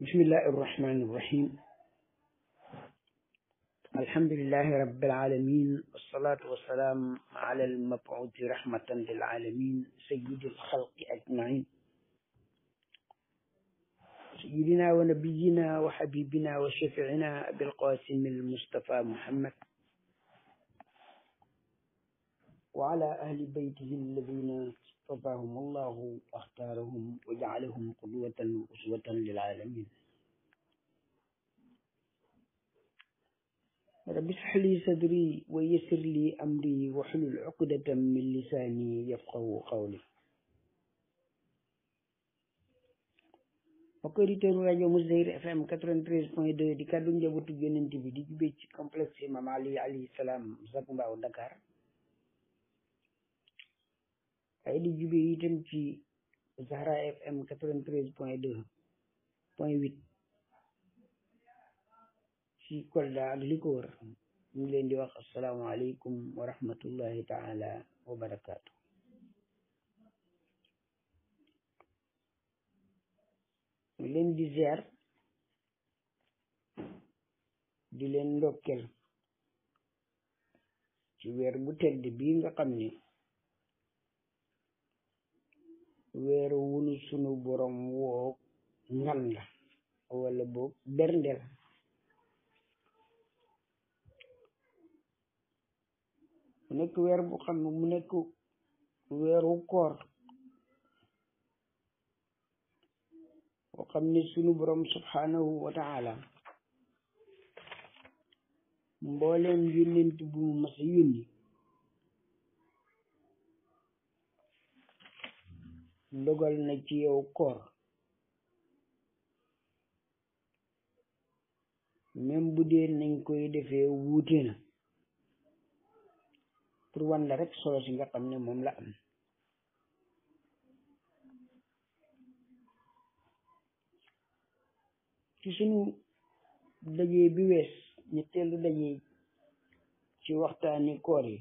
bismillahi irrahmani irrahim alhamdulilahi rabbil alamin wassalatu wassalaamu ala almabuuti rahmatan lil alamin sayyidil xalqi ajmain sayyidina wa nabiyina wa habibina wa shafiina abil qasim al mustafa muhammad wa ala ahli baytihi alladina اصطفاهم الله واختارهم وجعلهم قدوة وأسوة للعالمين رب اشرح لي صدري ويسر لي أمري واحلل عقدة من لساني يفقه قولي mbokk auditeurs rajo Mozdahir FM 93.2 di kàddu njabootu yonent bi di jubee ci complexe Mame Aliou alayhi salaam Zac Mbao Dakar ay di jugee itam ci Zahra FM quatre-vingt-treize ci Kolda ak li ko wër ñu leen di wax asalaamaaleykum wa rahmatullahi taala wa barakaatu ñu leen di ziar di leen ndokkel ci weer bu tedd bii nga ni weeru wunu sunu borom woo ñam wala boog bernde mu nekk weer bu xam ni mu nekk weeru koor boo xam ne sunu borom subhanahu wa taala mbooleem yónnent bu mu mas dogal na ci yow koor même bu dee nañ koy defee wuute na pour wan la rek solo si nga xam ne moom la am ci sunu dajee bi wees ñetteelu dajee ci waxtaani koor yi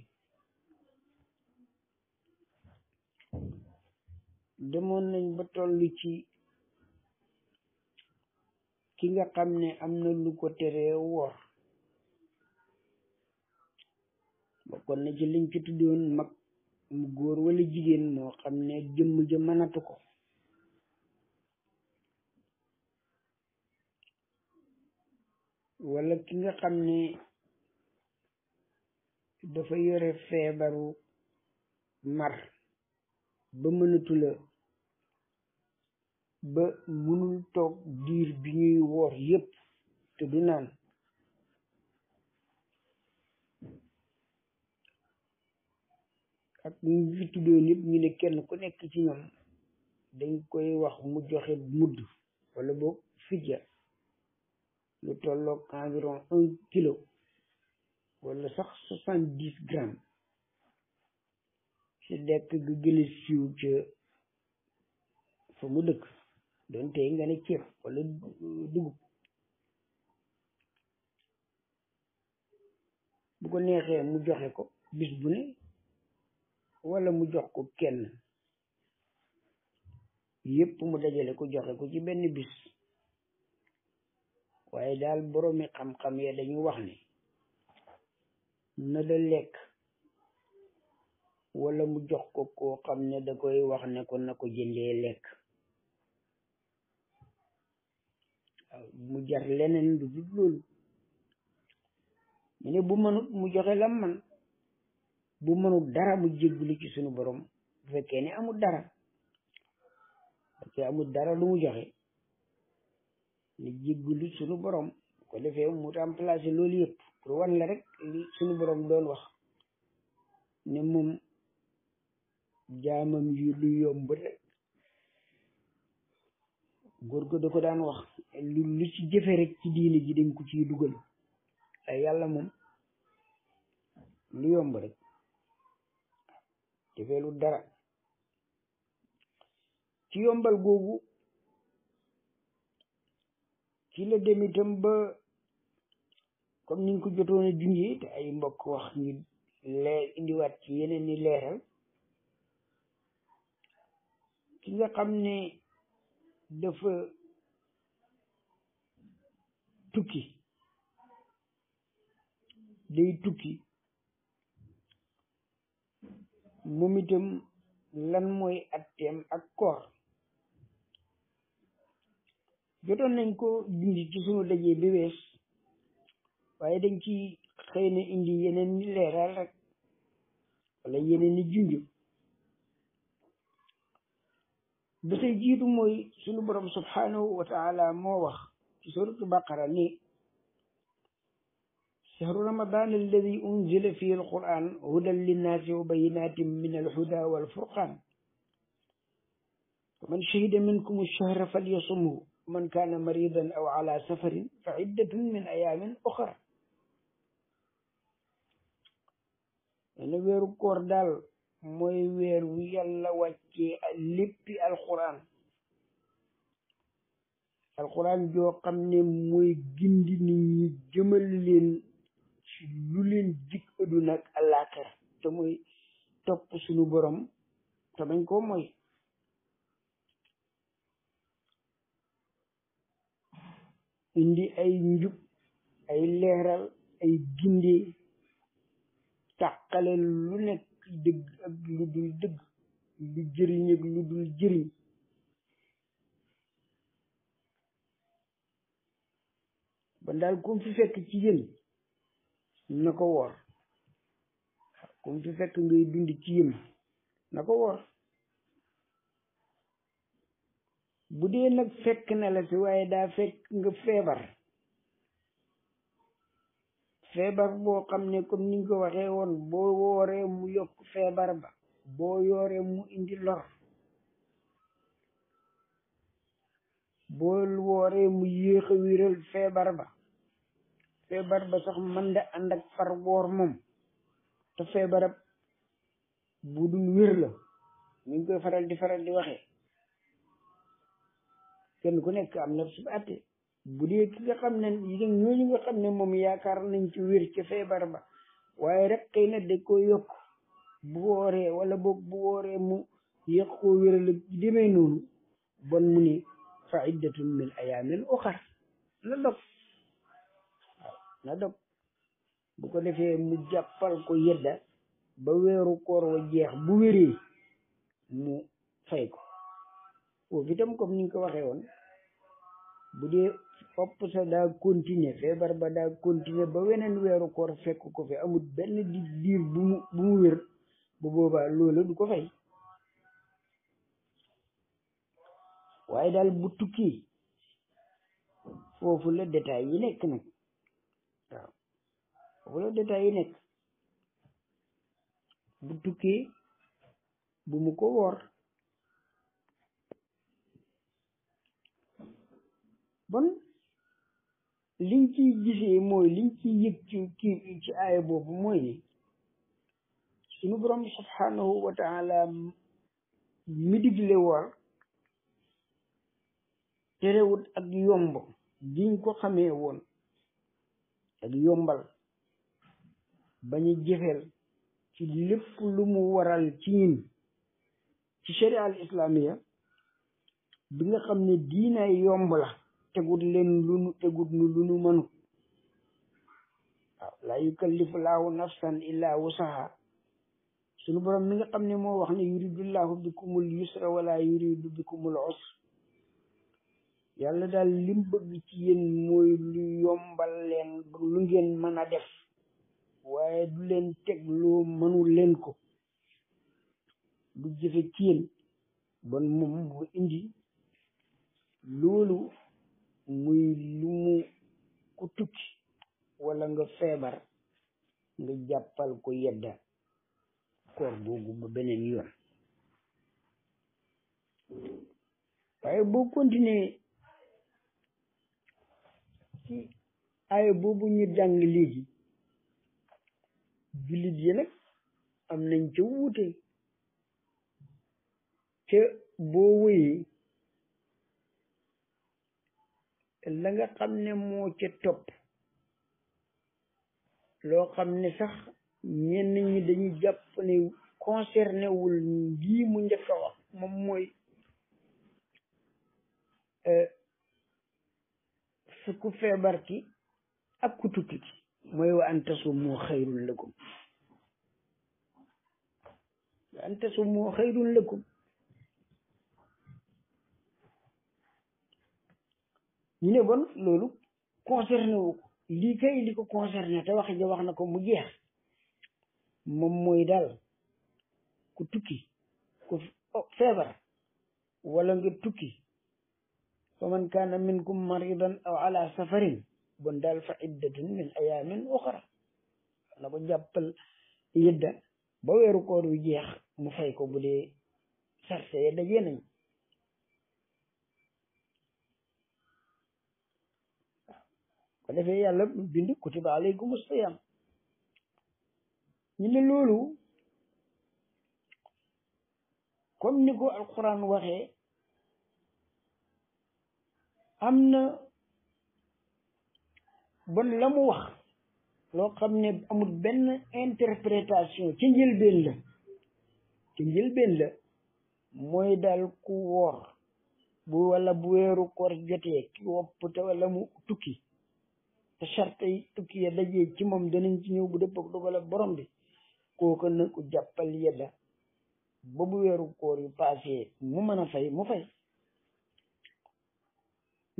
demoon nañ ba tollu ci ki nga xam ne am na lu ko teree woor bokkoon na ci liñ ci tuddoon mag mu góor wala jigéen moo xam ne mu ja mënatu ko wala ki nga xam ne dafa yore feebaru mar ba mënatula ba mënul toog diir bi ñuy woor yépp te naan ak ñu fi tuddoon yépp ñu ne kenn ku nekk ci ñoom dañ koy wax mu joxe mudd wala boog fidja lu tolloog environ un kilo wala sax soixante dix grammes ci lekk gi gën a siiw ca dëkk doon tey nga ne ceeb wala dugub bu ko neexee mu joxe ko bis bu ne wala mu jox ko kenn yépp mu dajale ko joxe ko ci benn bis waaye daal boroomi xam-xam ya dañu wax ni na da lekk wala mu jox ko koo xam ne da koy wax ne ko na ko jëndee lekk mu jar leneen lu dul loolu mu ne bu mënut mu joxe lam man bu mënut dara mu jéggulu ci sunu borom bu fekkee ne amul dara amul dara lu mu joxe ne jéggulu sunu borom ko defee mu remplacer loolu yëpp pour wan la rek sunu borom doon wax ne moom jaamam yu yomb rek góor ga da ko daan wax lu lu ci jëfe rek ci diini ji dañ ko ciy dugal ay yàlla moom lu yomb rek jëfee lu dara ci yombal googu ci la dem itam ba comme niñ ko jotoon junjee te ay mbokk wax ñu leer indiwaat ci yeneen ni leeral ki nga xam ne dafa tukki day tukki moom itam lan mooy atteem ak koor jotoon nañ ko dindi ci sunu dajee bi waaye dañ ci xëy na indi yeneen ni rek wala yeneen ni ba say jiitu mooy sunu borom subhanahu wa taala moo wax ci suratu baqara ni shahru ramadan alladi unzila fihi alquran hudan linnaasi wa bayinatin min alhuda walfurqan faman shahida minkum alshahra falyasumhu man kaana maridan aw ala safarin fa iddatun min ayamin oxra ne weeru koor daal mooy weer wu yàlla wàccee léppi alquran alquran joo xam ne mooy gindi nit ñi jëmal leen lu leen jik aduna ak àllaaxira te mooy topp suñu borom te bañ koo mooy indi ay njub ay leeral ay gindi tàqale lu nekk dëgg ak lu dul dëgg lu jëriñ ak lu dul jëriñ ba daal kum fi fekk ci yéen na ko woor kum fi fekk ngay dund na ko woor bu dee na fekk na la fi waaye daa fekk nga feebar feebar boo xam ne comme niñ ko waxee woon boo wooree mu yokk feebar ba boo yooree mu indi lor boo wooree mu yéex a feebar ba feebar ba sax mën da ànd ak far woor moom te feebar bu dul wér la ni koy faral di faral di waxee kenn ku nekk am na su bu dee ki nga xam ne ñooñu nga xam ne moom yaakaar nañ ci wér ci feebar ba waaye rek xëy na dañ ko yokk bu wooree wala boog bu wooree mu yéex koo wérale demee noonu bon mu ni fa iddatun min ayaamin uxar na dog na dog bu ko defee mu jàppal ko yedda ba weeru koor wa jeex bu wéree mu fay ko foofu itam comme ni nga ko waxee woon bu dee fopp sa daa continuer feebar ba daa continuer ba weneen weeru koor fekk ko fi amul benn diir bu mu bu mu wér bu boobaa loola du ko fay waaye daal bu foofu la détail yi nekk nag waaw foofu la détail yi nekk bu bu mu ko woor bon li ciy gisee mooy liñ ciy yëg ci ci aaya boobu mooy ni suñu borom subhanahu wa taala mi digle war ak yomb giñ ko xamee woon ak yombal bañu jëfeel ci lépp lu mu waral ci ñin ci sharia al islamiya bi nga xam ni diinaay yomb la tegut leen lunu tegut nu lunu mënu waaw laa yukallifu laahu nafsan illa wusaha sunu borom mi nga xam ne moo wax ne yuridullahu bikumul yusra wala yuridu bikumul usra yàlla daal lim bëgg ci mooy lu yombal leen lu ngeen mën a def waaye du leen teg loo mënul leen ko du jëfe ci yéen moom mu indi loolu muy lu ku tukki wala nga feebar nga jàppal ko yedda koor googu ba beneen yoon waaye boo continuer ci boobu ñu jàng léegi jullit yi nag am nañ ca wuute ca boo wëyee la nga xam ne moo ca topp loo xam ne sax ñenn ñi dañu jàpp ne concerné wul lii mu njëkk a moom mooy su e, ku feebar ki ak ku tukki ki mooy wa an tasumu xayrun lakum wa an tasumu xayrun lakum ñu ne bon loolu concerné wu lii kay li ko concerné te wax ja wax na ko mu jeex moom muy daal ku tukki ku oh, feebar wala nga tukki fa man kaana minkum maridan aw ala safarin bon daal fa iddatun min ayaamin uxra na ko jàppal yidda ba weeru koor wi jeex mu fay ko bu dee sarse ya dajee nañ ko defee yàlla bind kutiba alaykum siyam ñu loolu comme ni ko alquran waxee am na bon la mu wax loo xam ne amul benn interprétation ci njëlbeen la ci njëlbeen la mooy daal ku woor bu wala bu weeru koor jotee ki wopp te wala mu tukki te charte yi tukki ya dajee ci moom danañ ci ñëw bu dëppoo ak dogal ak borom bi kooka na ku jàppal yedda ba bu weeru koor yu mu mën a fay mu fay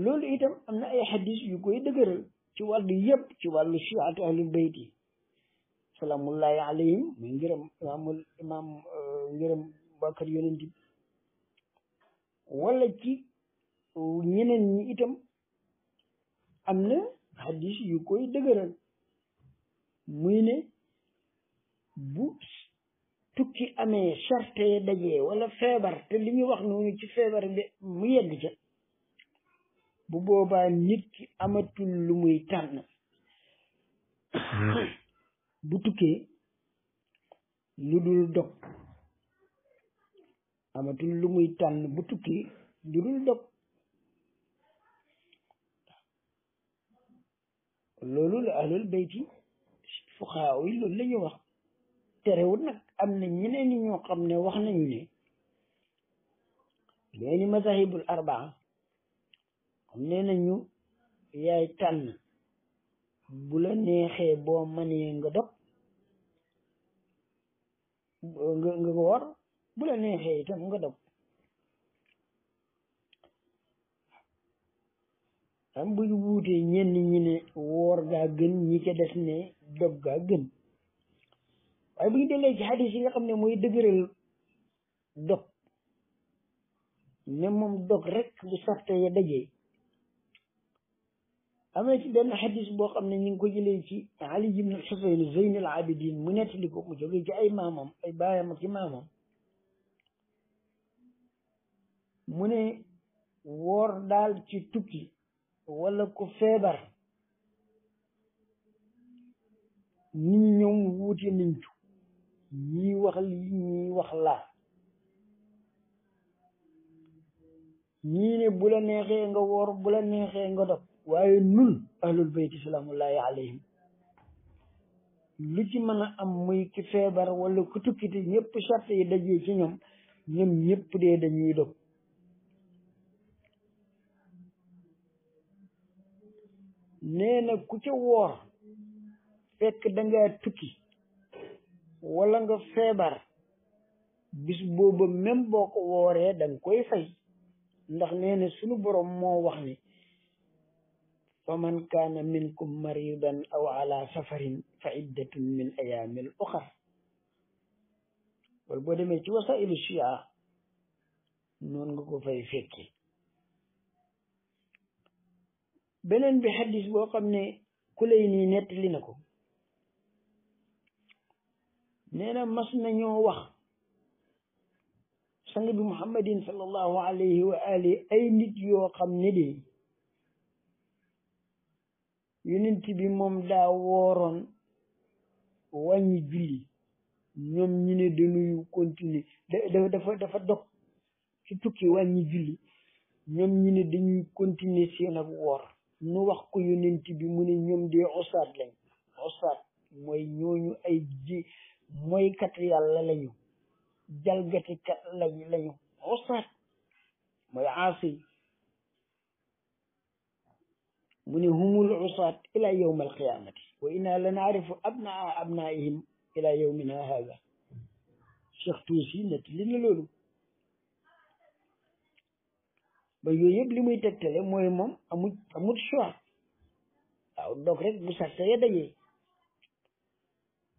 loolu itam am na ay xadis yu koy dëgëral ci wàllu yëpp ci wàllu siatu ahlul bayt yi salaamullahi alayhim muy ngërëm imaamul imaam euh, ngërëm ci ñeneen ñi itam am na xadis yu koy dëgëral muy ne bu tukki amee charte ya dajee wala feebar te li ñu wax noonu ci feebar bi mu yegg ca bu boobaa nit ki amatul lu muy tànn bu tukkee lu dul dog amatul lu muy tànn bu tukki lu dul dog loolu la ahlul bayti fuqaaw yi loolu la ñu wax terewul nag am na ñeneen ñi ñoo xam ne wax na nañu ne leeni mazahibul arbaa nee nañu ñu yay bu bula neexee man manee nga dog nga nga woor bu la neexee itam nga dog xam bu ñu wuutee ñenn ñi ne woor gaa gën ñi ca des ne dog gaa gën waaye bu ñu dellee ci xadis yi nga xam ne mooy dëgëral dog ne moom dog rek bu sarte ya dajee am na ci benn xadis boo xam ne ñu ngi ko jëlee ci ali ibn al-Husayn Zayn al-Abidin mu nettali ko mu ci ay maamam ay baayam ak ci mu ne woor daal ci tukki wala ku feebar nit ñoom wuute nañ ci ñii wax lii ñii wax laa ñii ne bu la neexee nga woor bu la neexee nga dog waaye nun ahlul bayti salaamullahi alayhim lu ci mën a am muy ki feebar wala ku tukkiti ñëpp charte yi dajee ci ñoom ñoom ñëpp dee dañuy dog nee na ku ca woor fekk danga tukki wala nga feebar bis booba même boo ko wooree da nga koy fay ndax nee sunu boroom moo wax ni fa man kaana minkum maridan aw ala safarin fa iddatun min ayaamil uxar wala boo demee ci wasailu shia noonu nga ko fay fekki beneen bi xadis boo xam ne ku lay nii nettali na ko nee na mas nañoo wax sang bi muhammadin sallallahu alayhi wa alihi ay nit yoo xam ne de yonent bi moom daa wooroon wàññi julli ñoom ñu ne dañuy continuer dafa dafa dog ci tukki wàññi julli ñoom ñu ne dañuy continuer seen ak woor nu wax ko yonent bi mu ne ñoom de osaat lañ osaat mooy ñooñu ay ji mooykat yàlla lañu jalgatikat lañ lañu osaat mooy aasi mu ne humul osaat ila yawm alqiyamati wa inna la naarifu abnaa abnaihim ila yawmina hada cheikh tuusi net li na loolu ba yooyu yëpp li muy tegtale mooy moom amut amut choix waaw donc rek bu sàrte ya dajee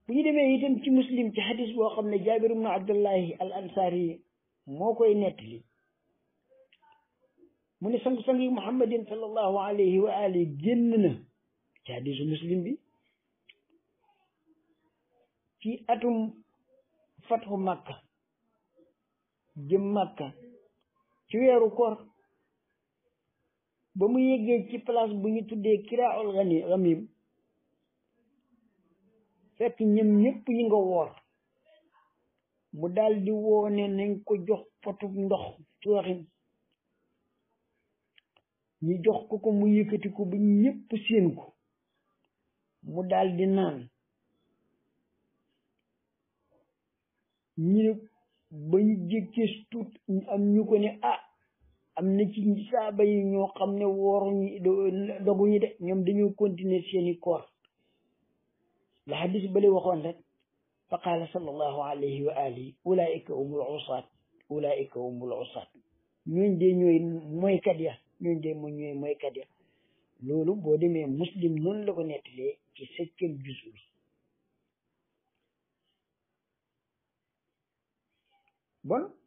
bu ñu demee itam ci muslim ci xadis boo xam ne jaabir ibnu abdullahi al ansaari moo koy nettali mu ne sang-sang yi muhammadin sallallahu alayhi wa ali génn na ci xadisu muslim bi ci atum fatxu màkka jëm màkka ci weeru koor ba mu yeggee ci place bu ñu tuddee kiraul gani ramim fekk ñoom ñëpp ñi nga woor mu daal di woone nañ ko jox potu ndox ci waxin ñi jox ko ko mu yëkkati ko ba ñëpp seen ko mu daal di naan ñi ba ñu jékkee tuut am ñu ko ne ah am na ci saaba yi ñoo xam ne wooruñu ñu de ñoom dañoo continuer seeni koor la hadis bale waxoon rek fa qaala sallallahu alayhi wa alihi ulaika umul usaat ulaika umul usaat ñooñ de ñooy moykat ya ñooñ de mo ñooy moykat ya loolu boo demee muslim noonu la ko ci septième juz bon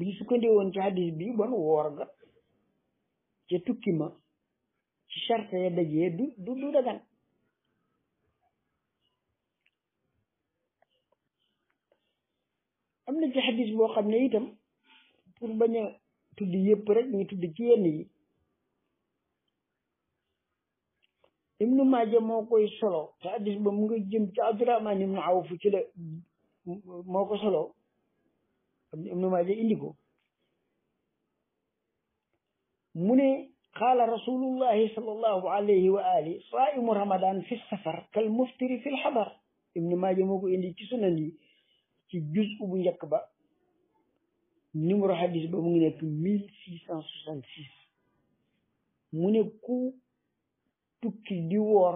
bu ñu ci hadis bi bon woor ga ca tukki ma ci charte ya dajee du du dagan am na ci hadis boo xam ne itam pour bañ a tudd yëpp rek ñu tudd ci yenn yi ibnu maaja moo koy solo te hadis ba mu nga jëm ci abdurahman ibnu awf ci la moo ko solo ibnu maaja indi ko mu ne qaala rasulullahi sallallahu alayhi wa ali saimu ramadan fi safar kal muftiri fi lxadar ibnu maaja moo ko indi ci sunan yi ci juz bu njëkk ba numéro hadis ba mu ngi nekk mille six cent soixante six mu ne ku tukki di woor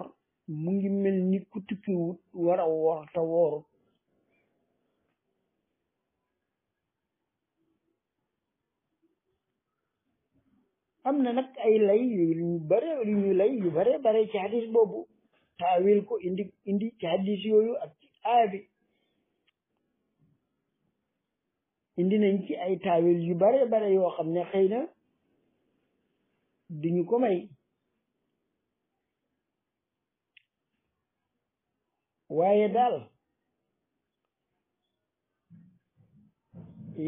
mu ngi mel ni ku tukki wut war a woor te woorut am na nag ay lay yu bare yu lay yu bare bare ci hadis boobu taawil ko indi indi ci hadis yooyu ak ci aaya bi indi nañ ci ay taawil yu bare bare yoo xam ne xëy na duñu ko may waaye daal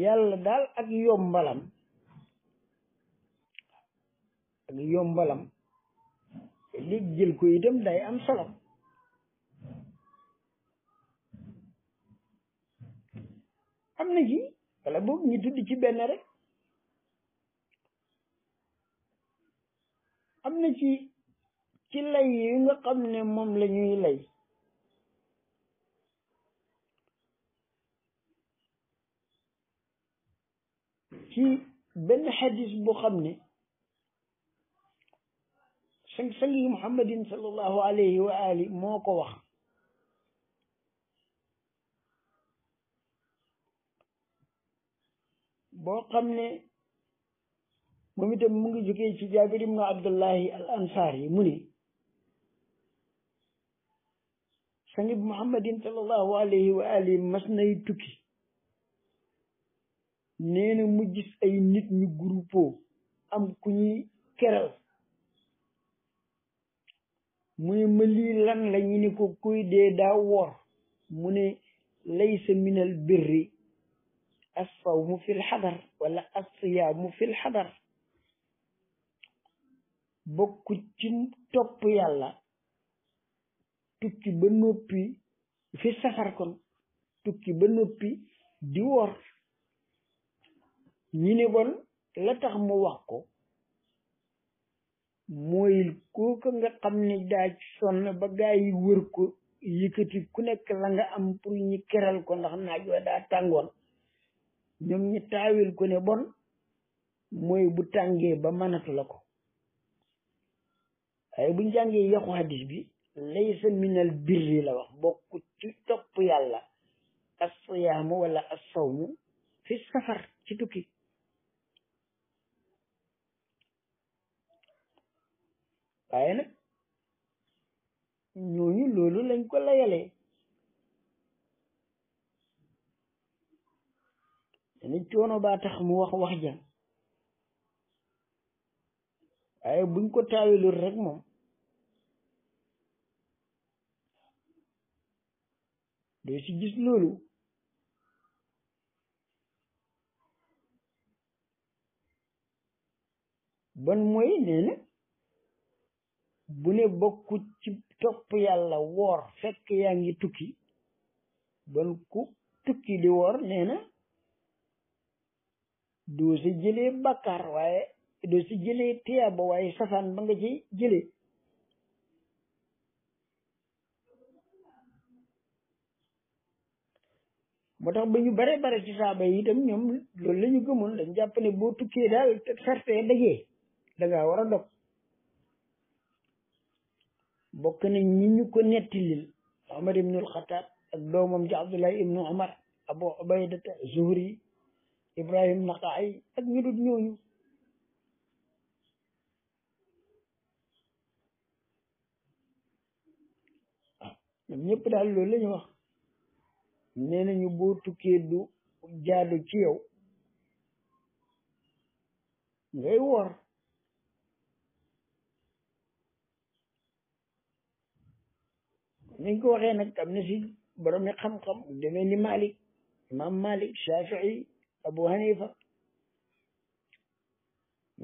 yàlla daal ak yombalam ak yombalam li jël ko itam day am solo am na ci wala boog ñu tudd ci benn rek am na ci ci lay yi nga xam ne moom la ñuy lay ci benn xadis bu xam ne sang sang yi muhammadin sallallahu alayhi wa ali moo ko wax boo xam ne moom itam mu ngi jógee ci jaabir ibnu abdullahi al ansaari mu ne sangib muhammadin sallallahu alayhi wa ali mas nay tukki nee na mu gis ay nit ñu groupe am ku ñuy keral mu ne ma lii lan la ñu ni ko kuy dee daa wor mu ne laysa minal birri assawmu fil xadar wala assiyaamu fil xadar bokku ci topp yàlla tukki ba noppi fi safar tukki ba noppi di wor ñi bon la tax mu wax ko mooy kooka nga xam ne daa sonn ba gaa yi wër ko yëkkati ku nekk la nga am pour ñi keral ko ndax naaj wa daa tàngoon ñoom ñi taawil ko ne bon mooy bu tàngee ba manatu ko waaye bu njàngee yaxu hadis bi laysa minal birri la wax bokk ci topp yàlla assiyaamu wala assawmu fi safar ci tukki waaye nag ñooñu loolu lañ ko layalee danañ coono baa tax mu wax wax ja waaye buñ ko taawilul rek moom doo ci gis loolu bon mooy nee na bu ne bokku ci topp yàlla woor fekk yaa ngi tukki bon ku tukki di woor nee na doo si jëlee bàkkaar waaye doo si jëlee tiyaaba waaye safaan ba nga ci jëlee moo tax ba bare bare ci saaba yi ñoom loolu la ñu gëmoon jàpp ne boo tukkee daal te ferte dajee da ngaa war dog bokk na ñi ñu ko nettilil Omar ibnul Xataab ak doomam ji Abdullah ibnu Omar Abu Ubaydata Zuhri Ibrahim Naqaay ak ñu dul ñooñu ah, ñoom ñëpp daal loolu la ñu wax nee nañu boo tukkee du ci yow ngay woor niñ ko waxee nag am na si boromi xam-xam demee ni Malik imam Malik Shafii Abu Hanifa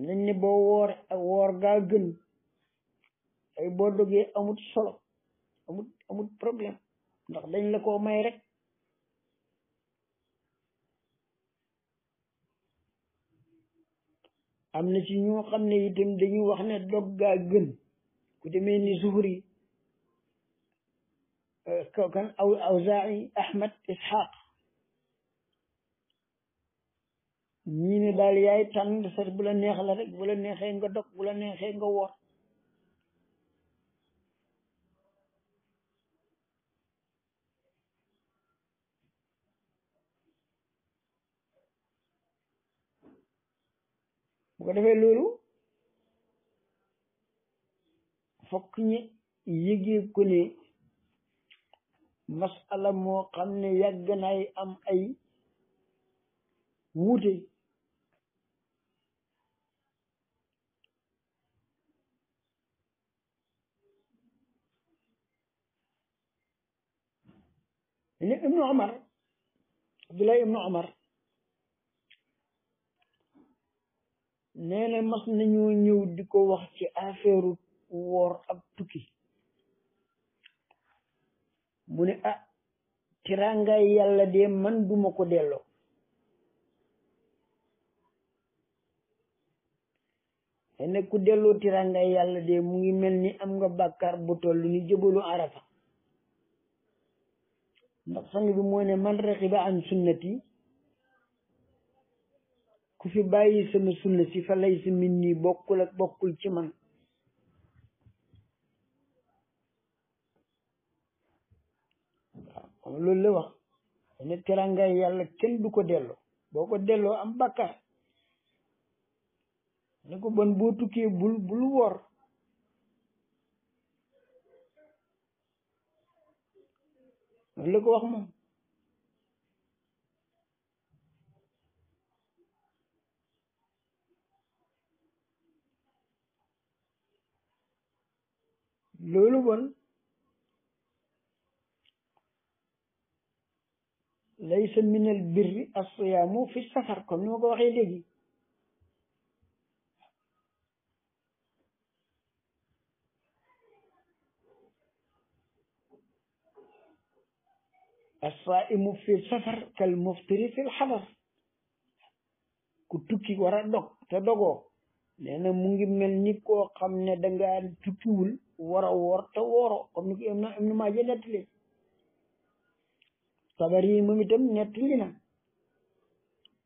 nañ ne boo woor woor ay boo dogee amut solo amut amut problème ndax dañ la koo may rek am na ci ñoo xam ne itam dañuy wax ne dog gaa gën ku kookan aw awzaa'i ahmad ishaq ñii yaay tànn sat bu la rek bu la neexee nga dog bu la neexee nga woor bu ko defee loolu fokk ñi yëgee ko masala moo xam ne yàgg nay am ay wuute ne ibnu omar abdullah ibnu omar nee na mas nañoo ñëw di ko wax ci affaire woor ab tukki mu ne ah tiraangaay yàlla de man duma ko delloo ne ku delloo tiraangaay yàlla de mu ngi mel ni am nga bàkkaar bu toll ni jëbalu arafa ndax sang bi mooy ne man raxiba an sunnati ku fi bàyyi sama sunna si fa lay sa min nii bokkul ak bokkul ci man xam loolu la wax ne teraangaay yàlla kenn du ko delloo boo ko delloo am bàkkaar ne ko bon boo bul bul wor loolu ko wax moom loolu bon laysa minal birri asiyaamu fi safar comme ni ma ko waxee léegi assaimu fi safar kal muftiri fil xadar ku tukki wara a dog te dogoo nee mu ngi mel ni koo ne dangaa tukkiwul war a woor te wooro comme ni ko am na am na tabari moom itam nettali na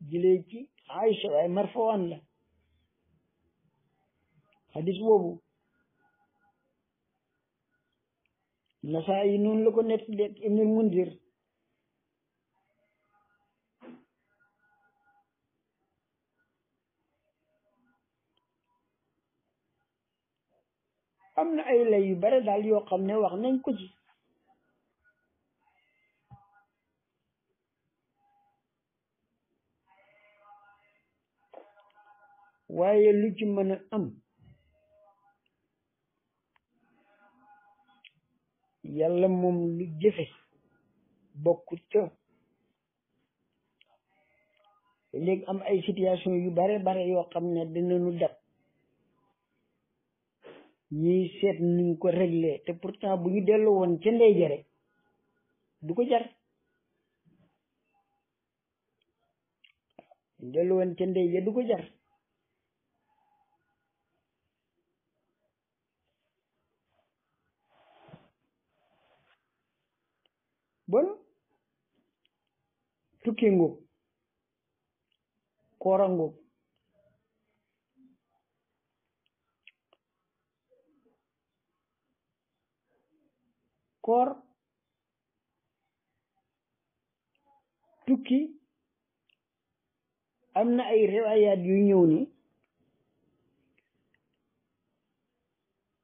jëlee ci Aïcha waaye marfawaan la xadis boobu Nasaa'i noonu la ko nettali ak Ibnul Mundir am na ay yu bare daal yoo xam ne wax nañ ko ci waaye lu ci mën a am yàlla moom lu jëfe bokku ca léegi am ay situation yu bare bare yoo xam ne dinañu dab ñiy seet nuñ ko regle te pourtant bu ñu dellu woon ca ndey du ko jar dellu woon du ko jar tukki ngóob koora ngóob koor tukki am na ay riwaayaat yu ñëw ni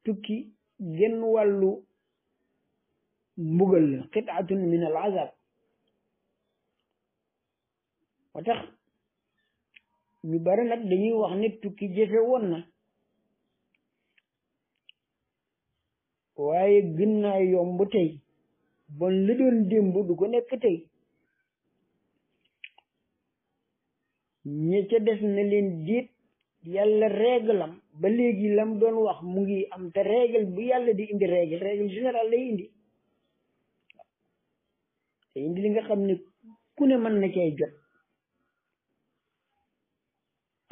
tukki genn wàllu mbugal la xitaatun min al azab ba tax ñu bari nag dañuy wax ne tukki jëfe woon na waaye gën naa yomb tey bon li doon démb du nekk tey ñi des na leen diit yàlla réglam ba léegi lam doon wax mu ngi am te règle bu yàlla di indi règle règle générale lay indi te indi li nga xam ne ku ne na cay jot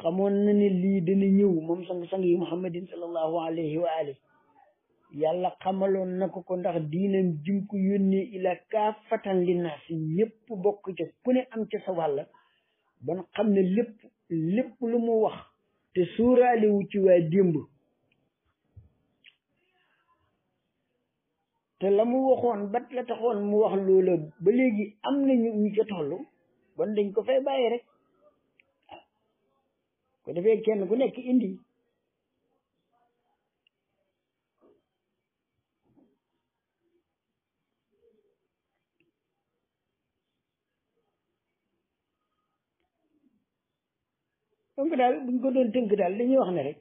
xamoon na ne lii dana ñëw moom sang-sang yi muhammadin sallallahu alayhi wa alihi yàlla xamaloon na ko ko ndax diinam jim ko yónnee ila kaafatan li naas ñëpp bokk ca ku ne am ca sa wàll ban xam ne lépp lépp lu mu wax te suuraale wu ci waa démb te la mu waxoon bat la taxoon mu wax loola ba léegi am na ñu ñu ca toll bon dañ ko fay bàyyi rek ko defee kenn ku nekk indi donc daal buñ ko doon tënk daal dañuy ne rek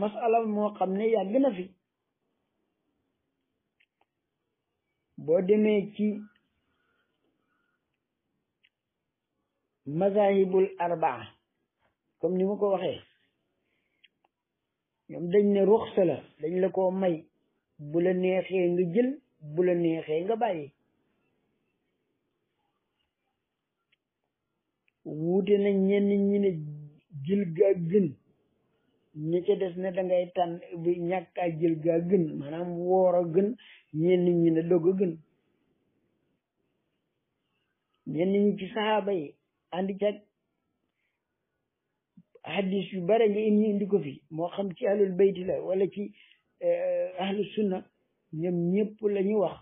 masala moo xam ne yàgg na fi boo demee ci mazahibul arbaa comme ni ma ko waxee ñoom dañ ne ruxsa la dañ la koo may bu la neexee nga jël bu la neexee nga bàyyi wuute nañ ñenn ñi ne jël gaa gën ñi ca des ne da ngay tànn jël gaa gën maanaam woor a gën ñenn ñi ne a gën ñenn ñi ci saxaaba yi andi jag hadis yu bare nga indi ko fi moo xam ci ahlul bayti la wala ci eh, ahlu sunna ñoom ñëpp la wax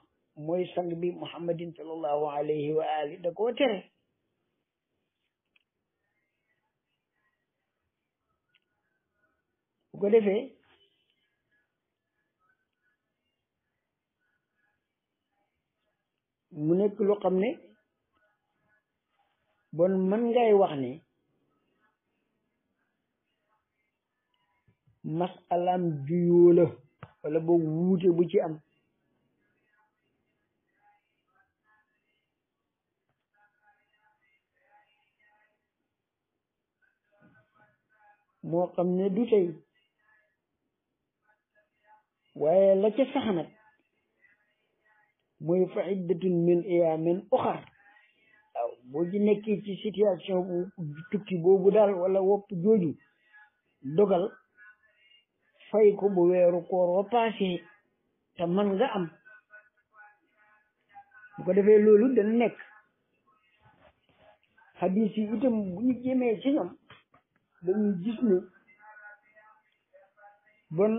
mooy sang bi muhammadin sallallahu alayhi wa ali da koo tere bu mu nekk lu xam ne bon mën ngay wax ne masalaam juyoo wala boog wuute bu ci am moo xam ne du tey waaye la ca sax mooy fa iddatun min iyaamin uxar boo ci nekkee ci situation bu tukki boobu daal walla wopp jooju dogal fay ko bu weeru koor wa paase te man nga am bu ko defee loolu dana nekk hadis itam bu ñu jëmee ci ñoom dañuy gis ne bon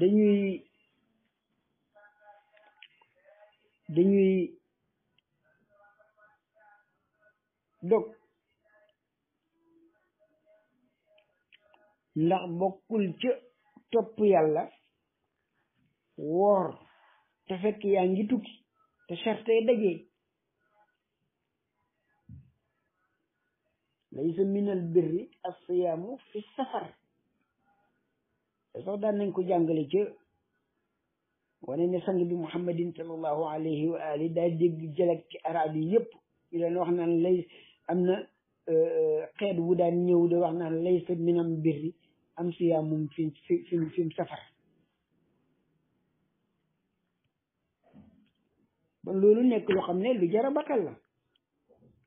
dañuy dañuy dog ndax bokkul ca topp yàlla woor te fekk yaa ngi tukki te sartee dajee laysa minal birri as-siyaamu fi safar te sax daan nañ ko jàngale ca wane ne sang bi muhammadin sallallahu alayhi wa ali daa dégg jëlek ci arab yi yëpp ñu leen wax lay am na euh, xeet wu daan ñëw di wax naan laysa minam birri am siyaa mum fi fi fi mu safar bon loolu nekk lu xam ne lu jar bakkal la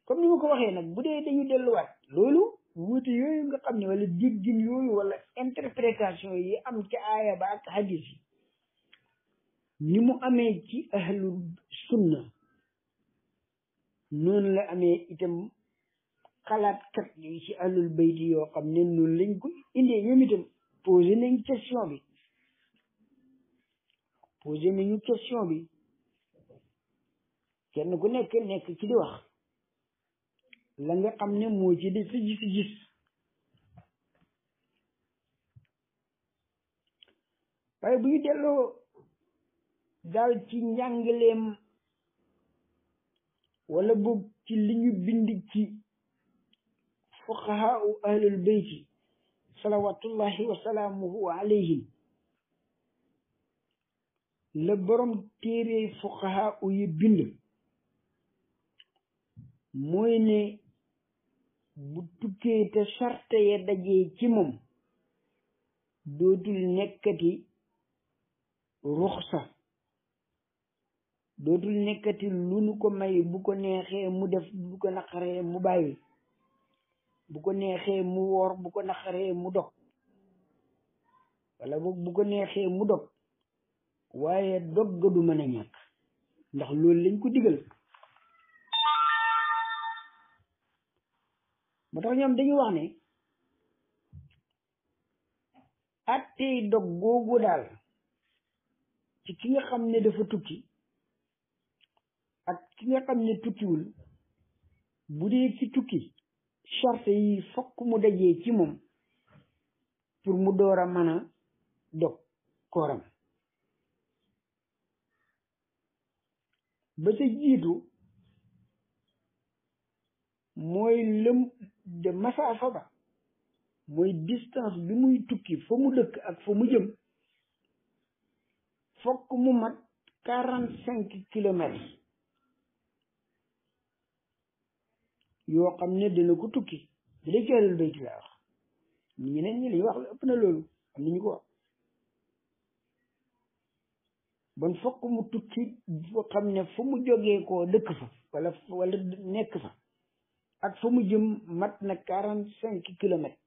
comme ni ma ko waxee nag bu dee dañu delluwaat loolu wuute yooyu nga xam ne wala jéggin yooyu wala interprétation yi am ci aaya ba ak hadis yi ni mu amee ci ahlu sunna noonu la amee itam xalaatkat yi ci àllul bayti yoo xam ne noonu lañ koy indee ñoom itam posé nañ question bi posé nañu question bi kenn ku nekk nekk ci di wax la nga ne moo ci di sa gis-gis waaye bu ñu delloo daal ci njàngaleem wala boog ci li ñu bind ci fuqahaau ahlul beyti salawatullahi wa salaamuhu alayhim la borom téere fuqahaau yi bind mooy ne bu tukkee te sarte ya dajee ci moom dootul nekkati ruxsa dootul nekkati lu nu ko may bu ko neexee mu def bu ko naqaree mu bàyyi bu ko neexee mu woor bu ko naqaree mu dog wala boog bu ko neexee mu dog waaye dog ga du mën a ñàkk ndax loolu lañ ko digal moo tax ñoom dañu wax ne attey dog googu daal ci ki nga xam ne dafa tukki ak ki nga xam ne tukkiwul bu dee ci tukki charte yi fokk mu dajee ci moom pour mu door a mën a dog kooram ba ca mooy lëm de masaafa ba mooy distance bi muy tukki fa mu dëkk ak fa mu jëm fokk mu mat quarante cinq kilomètres yoo xam ne dana ko tukki di lay feeral bayt laa wax ñeneen ñi lañu wax loolu am na ñu ko wax fokk mu tukki foo xam ne fa mu jógee koo dëkk fa wala wala nekk fa ak fa mu jëm mat na quarante cinq kilomètres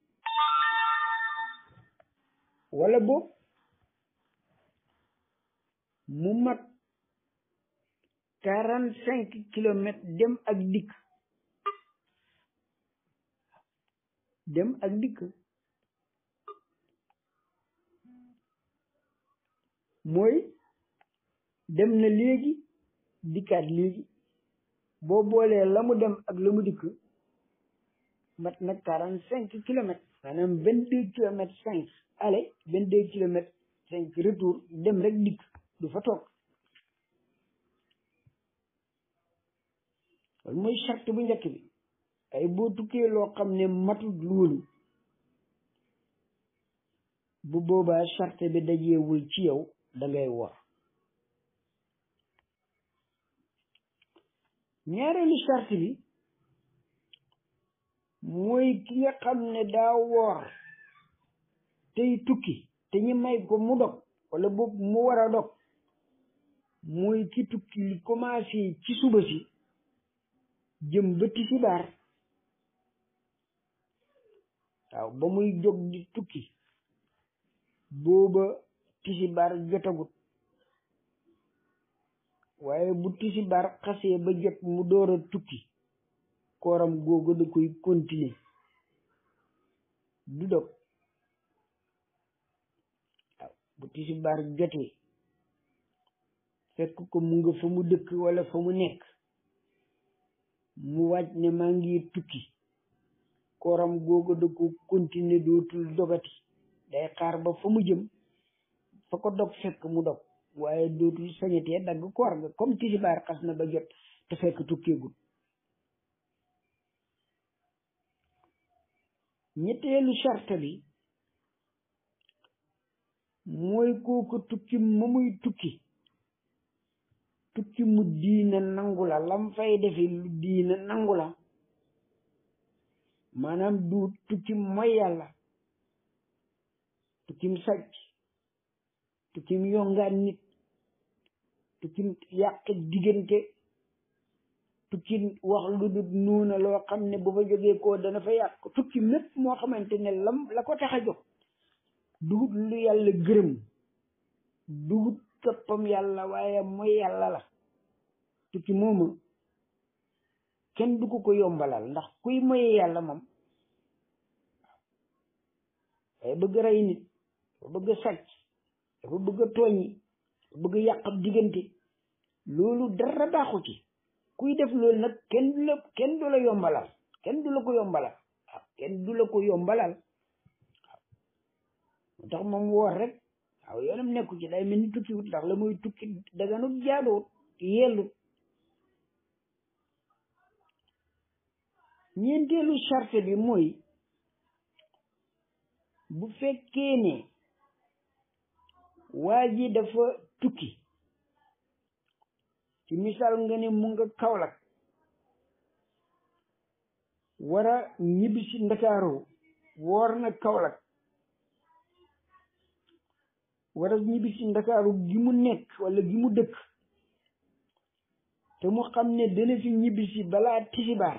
wala boobu mu mat quarante cinq kilomètres dem ak dikk dem ak dikk moy dem na léegi dikkaat léegi boo boolee la mu dem ak la mu mat na quarante cinq kilomètres maanaam vingt deux kilomètres cinq aller vingt deux kilomètres cinq retour dem rek dikk du fa toog loolu mooy charte bi tey boo tukkee loo xam ne matut loolu bu boobaa charte bi dajeewul ci yow dangay war ñaareelu charte bi mooy ki nga xam ne daa woor tey tukki te ñu may ko mu dog wala boog mu war a dog mooy ki tukki li commencé ci suba si jëm ba tisbaar waaw ba muy jóg di tukki booba tisibar jotagut waaye bu tisibar xasee ba jot mu door tukki kooram googu da koy continuer du dog waaw bu tisibar jotee fekk ko mu fa mu dëkk wala fa mu nekk mu wàcc ne maa ngi tukki kooram googu da ko continuer dootul dogati day xaar ba fa mu jëm fa dog fekk mu dog waaye dootul sañatee dagg koor ga comme tisibaar xas na ba jot te fekk tukkeegul ñetteelu charte bi mooy kooku tukki ma muy tukki tukki mu diina nangu la lam fay defe lu diina nangu maanaam du tukkim mooy yàlla tukkim sàcc tukkim yongaan nit tukkim yàq diggante tukki wax lu dul nuuna loo xam ne bu fa jógee koo dana fa yàq tukki mépp moo xamante ne lam la ko tax a jóg dugut lu yàlla gërëm dugut këppam yàlla waaye moy yàlla la tukki mooma kenn dugg ko ko yombalal ndax kuy moye yàlla moom dafa bëgg rey nit dafa bëgg sàcc dafa bëgg tooñi dafa bëgg yàq ab diggante loolu dara baaxu ci kuy def loolu nag kenn du kenn du la kenn du ko yombalal kenn du la ko yombalal waaw tax moom woor rek waaw yoonam nekku ci day mel ni tukki wut ndax la muy tukki daganut jaadoot yellut ñeenteelu charte bi mooy bu fekkee ne waa ji dafa tukki ci misaal nga ne mu nga Kaolack war a ñibbi woor na Kaolack wara a ñibbi si gi mu nekk wala gi mu dëkk te mu xam ne dana fi ñibbi si balaa tisibaar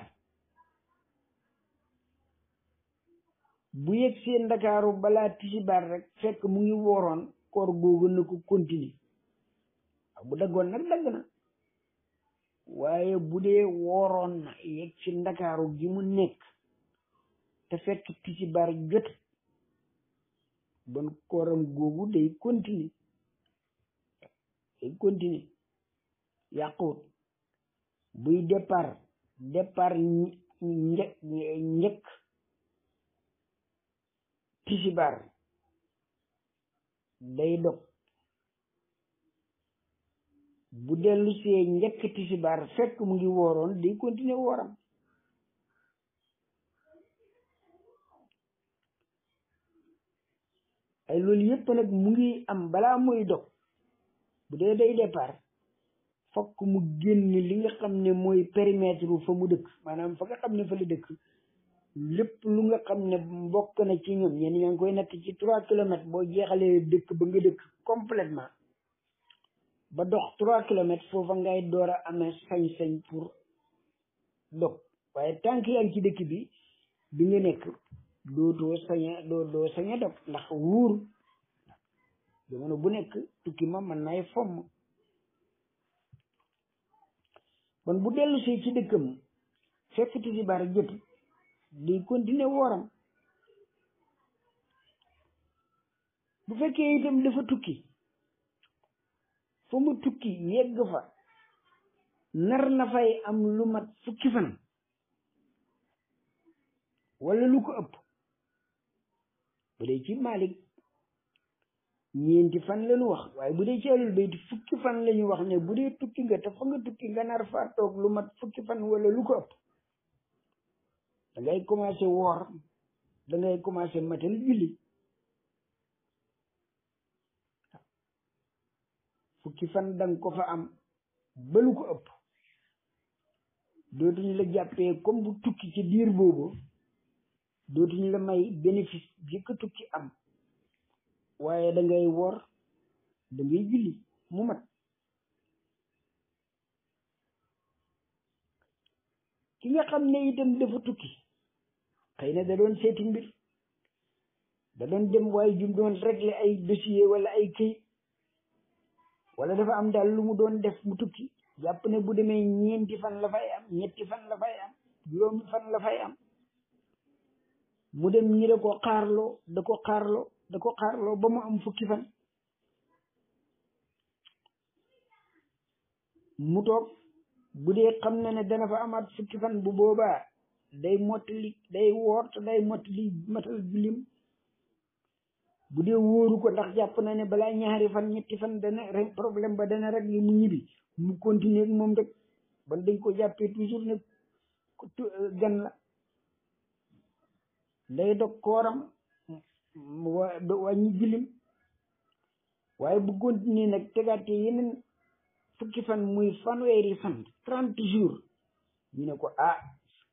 bu yegg seen ndakaaru balaa tisibaar rek fekk mu ngi wooroon koor googu na ko continue bu daggoon nag dagg na waaye bu dee wooroon na yegg ci ndakaaru gi mu nekk te fekk tisibaar jot bon kooram googu day continue day continue yàquwut buy départ départ njëkk tisibaar day dog bu dellu see njëkk tisibaar fekk mu ngi wooroon day continuer wooram ay loolu yépp nag mu ngi am balaa muy dog bu dee day départ fokk mu génn li nga xam ne mooy périmètre fa mu dëkk maanaam fa nga xam ne fa la dëkk lépp lu nga xam ne mbokk na ci ñun ñenn ñaa koy natt ci trois kilomètres boo jeexalee dëkk ba nga dëkk complètement ba dox trois kilomètres foofa ngay door a amee sañ-sañ pour dog waaye tànk yaa ci dëkk bi bi nga nekk doo doo saña dog ndax wuur jamono bu nekk tukki ma mën naay fomm kon bu dellu ci dëkkam fekk tisbaar jot day continuer wooram bu fekkee itam dafa tukki fa mu tukki yegg fa nar na fay am lu mat fukki fan walla lu ko ëpp bu dee ci Malik ñeenti fan leen wax waaye bu dee ci alul bayti fukki fan la ñu wax ne bu dee tukki nga te fa nga tukki nga nar faa toog lu mat fukki fan wala lu ko ëpp dangay ngay commencé woor dangay ngay commencé matal julli fukki fan danga ko fa am balu ko ëpp dootuñu la jàppee comme bu tukki ci diir boobu dootuñu la may bénéfice bi ko tukki am waaye da ngay woor dangay ngay julli mu mat ki nga xam ne itam dafa tukki xëy na da doon seeti mbir da doon dem waaye jum doon régler ay dossier wala ay këyit wala dafa am daal lu mu doon def mu tukki jàpp ne bu demee ñeenti fan la fay am ñetti fan la fay am juróomi fan la am mu dem ñi da ko xaarloo da ko xaarloo da ko xaarloo ba mu am fukki fan mu toog bu dee xam na ne dana fa amaat fukki fan bu boobaa day mottali day woor te day mottali matal jullim bu dee wóoru ko ndax jàpp na ne balaa ñaari fan ñetti fan dana problème ba dana rek li mu ñibbi mu continuer moom rek ban dañ ko jàppee toujours ne gan la day dog kooram wàññi jullim waaye bu continuer nag tegaatee yeneen fukki fan muy fanweeri fan trente jours ñu ne ko ah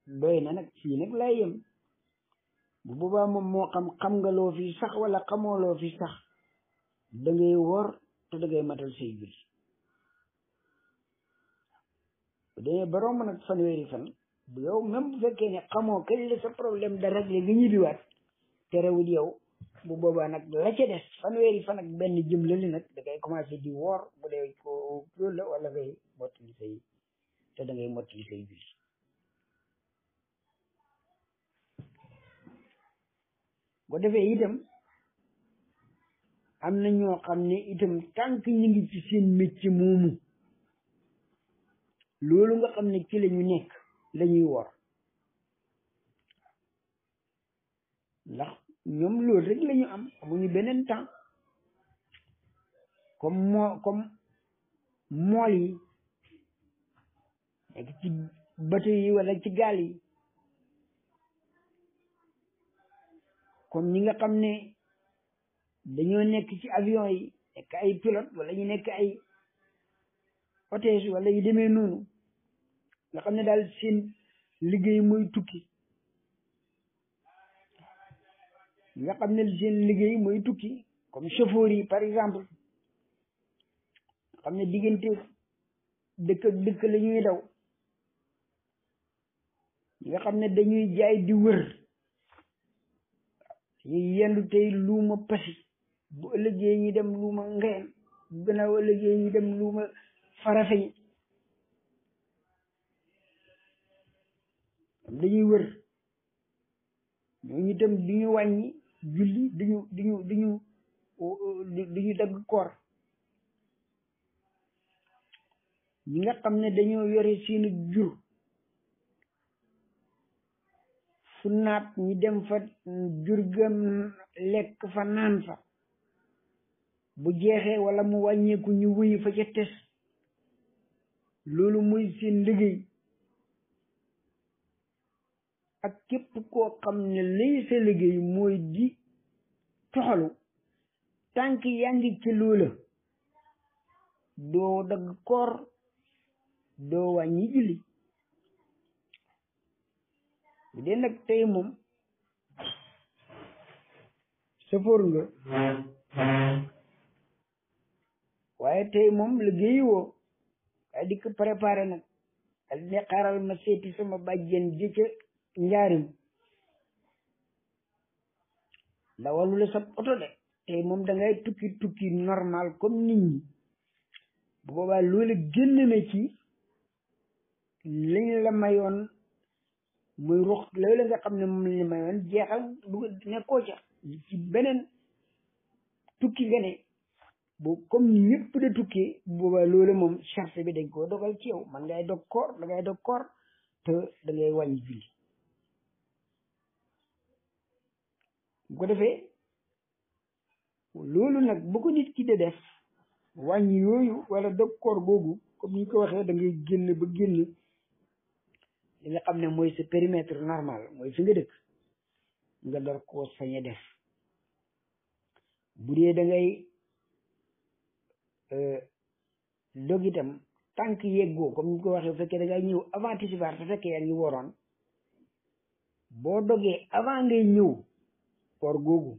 doy na nag fii nag lay yem bu boobaa moom moo xam xam nga loo fi sax wala xamoo loo fi sax da ngay wor te da ngay matal say julli bu dee ba romb nag fanweeri fan bu yow même bu fekkee ne xamoo kañ la sa problème da réglé nga ñibbiwaat terewul yow bu boobaa nag la ca fanweeri fan ak benn jëm lali nag da ngay commencé di woor bu dee ko loolu la wala ngay mottali say te da ngay say julli bu defee itam am na ñoo xam ne itam tànk ñu ngi ci seen métier moomu loolu nga xam ne ci la ñu nekk la ñuy wor ndax ñoom loolu rek la ñu am amuñu beneen temps comme moo comme mool yi nekk yi wala ci gaal yi comme ñi nga xam ne dañoo nekk ci avion yi nekk ay pilote wala ñu nekk ay otage wala yu demee noonu nga xam ne daal seen liggéey mooy tukki nga xam ne seen liggéey mooy tukki comme chauffeur yi par exemple nga xam ne diggante dëkk ak dëkk la ñuy daw nga xam ne dañuy jaay di wër ñu yendu tey luuma pasi bu ëllëgee ñi dem luuma ngayam bu gannaaw ëllëgee ñi dem luuma farafeñ dañuy wër ñooñu itam du ñu wàññi julli duñu duñu duñu duñu dagg koor ñi nga xam ne dañoo yore seeni jur fu naat ñi dem fa jurgam lekk fa naan fa bu jeexee wala mu wàññeeku ñu wuyu fa ca tes loolu muy seen liggéey ak képp koo xam ne lay sa liggéey mooy di toxalu tànk yaa ngi ci loola doo dagg koor doo wàññi julli bu dee nag tey moom sëfoor nga waaye tey moom liggéeyi woo waaye di ko préparé nag dal xaaral ma seeti sama bàjjen ji ca njaarim dawalu la sab oto de tey moom da tukki tukki normal comme nit ñi bu ba loolu génn na ci liñ la mayoon muy ruq loolu nga xam ne moom li mayoon jeexal bu nekkoo ca beneen tukki nga ne bu comme ni ñëpp da tukkee booba loolu moom charte bi dañ koo ci yow man ngay dog koor da dog koor te da ngay wàññi julli bu ko defee loolu nag bu ko nit ki de def wàññi yooyu wala dog koor googu comme ni ko waxee da ngay génn ba génn li nga xam ne mooy sa périmètre normal mooy fi nga dëkk nga door koo sañ a def bu dee da ngay euh, dog itam tànk yeggoo comme ni ko waxee bu fekkee da ngay ñëw avant tisbaar te fekkee yaa ngi woroon boo dogee avant ngay ñëw koor googu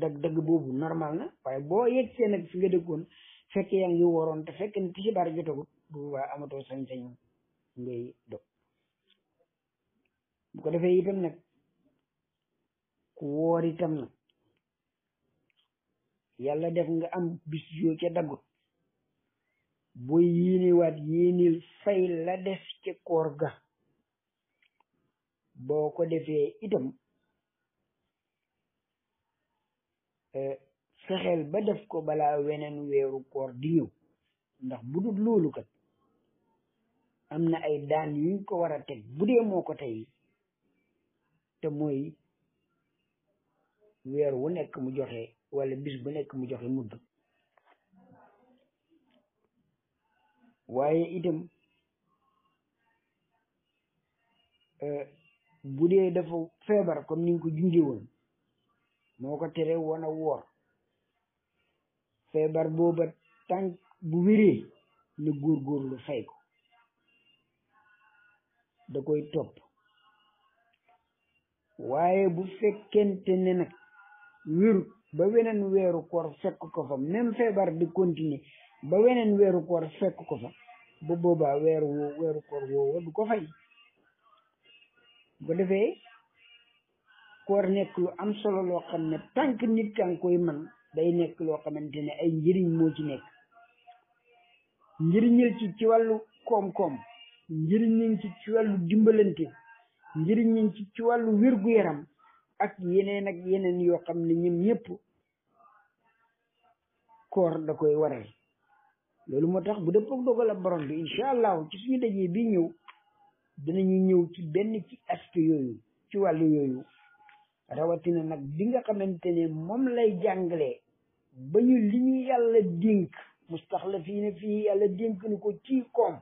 dag dag boobu normal na waaye boo yeggsee nag fi nga dëkkoon fekkee yaa ngi woroon te fekk ne tisbaar jotagut bu boobaa amatoo sañ ngay dog bu ko defee itam nag ku woor itam nag yàlla def nga am bis yoo ca daggut booy yéenewaat yéenil fay la des ca koor ga boo ko defee itam e, fexeel ba def ko bala weneen weeru koor di ñëw ndax bu dul loolu kat am na ay daan yuñ ko wara a bu dee moo ko tey te mooy weer wu nekk mu joxe walla bis bu nekk mu joxe mudd waaye itam eh, bu dee dafa feebar comme ni nga ko junge woon moo ko tere woon a woor feebar booba tànk bu wéree na góorgóorlu fay ko da koy topp waaye bu fekkente ne nag wéru ba weneen weeru koor fekk ko fa même feebar di continuer ba weneen weeru koor fekk ko fa bu boobaa weeru woo weeru koor woowa du ko fay bu defee koor nekk lu am solo loo xam ne tànk nit kan koy man day nekk loo xamante ne ay njëriñ moo ci nekk njëriñal ci ci wàllu koom-koom njëriñal ci ci wàllu dimbalante njëriñ ñi ci ci wàllu wérgu yaram ak yeneen ak yeneen yoo xam ne ñoom ñëpp koor da koy waree loolu moo tax bu dëppook dogal ak borom bi incha allahu ci suñu dajee bi ñëw dinañu ñëw ci benn ci aspect yooyu ci wàllu yooyu rawatina nag bi nga xamante moom lay jàngalee ba ñu li ñu yàlla dénk mustaxlafiina fii yàlla dénk ni ko ci kom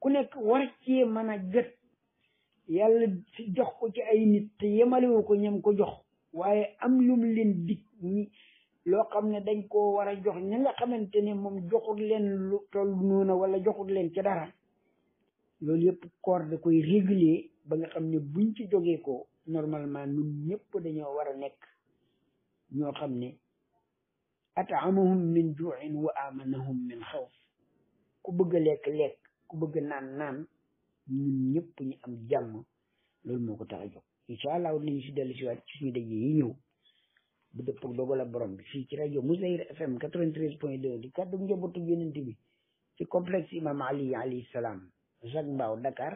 ku nekk war cee mën gët yàlla jox ko ci ay nit te yemalewu ko ñam ko jox waaye am lum leen dig loo xam ne dañ ko war a jox ña nga xamante ni moom joxul leen lu toll noona wala joxul leen ca dara loolu yëpp koor koy réguler ba nga xam ne buñ ci jógee ko normalement ñun ñëpp dañoo war a nekk ñoo xam ne ataamahum min juin wa amanahum min xawf ku bëgg lekk lekk ku bëgg naan naan ñun ñëpp ñu am jàmm loolu moo ko tax a jóg incha allah nañu si dellu si waat ci suñu daje yi ñëw bu dëpp ak dogal borom bi fii ci rajo Moussaïr FM 93.2 di kàddu njabootu yonent bi ci complexe imam Ali alayhi salaam Jacques Mbao Dakar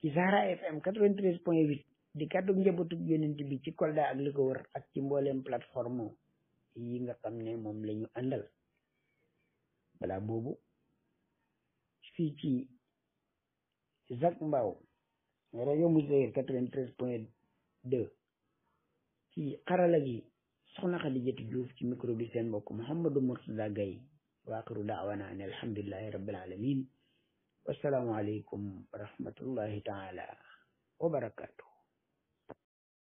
ci Zahra FM 93.8 di kàddu njabootu yonent bi ci Kolda ak li ko wër ak ci mbooleem plateforme yi nga xam ne moom la ñu àndal balaa boobu fii ci. Zac Mbao rajo Mousdair 93 point 2 ci xarala gi soxna Xadijatu Diouf ci micro bi seen mbokk Mouhamadou Mourtada Gaye waaxiru daawana an alhamdulillahi rabbil alamin wassalaamu aleykum wa rahmatullahi taala wa barakaatu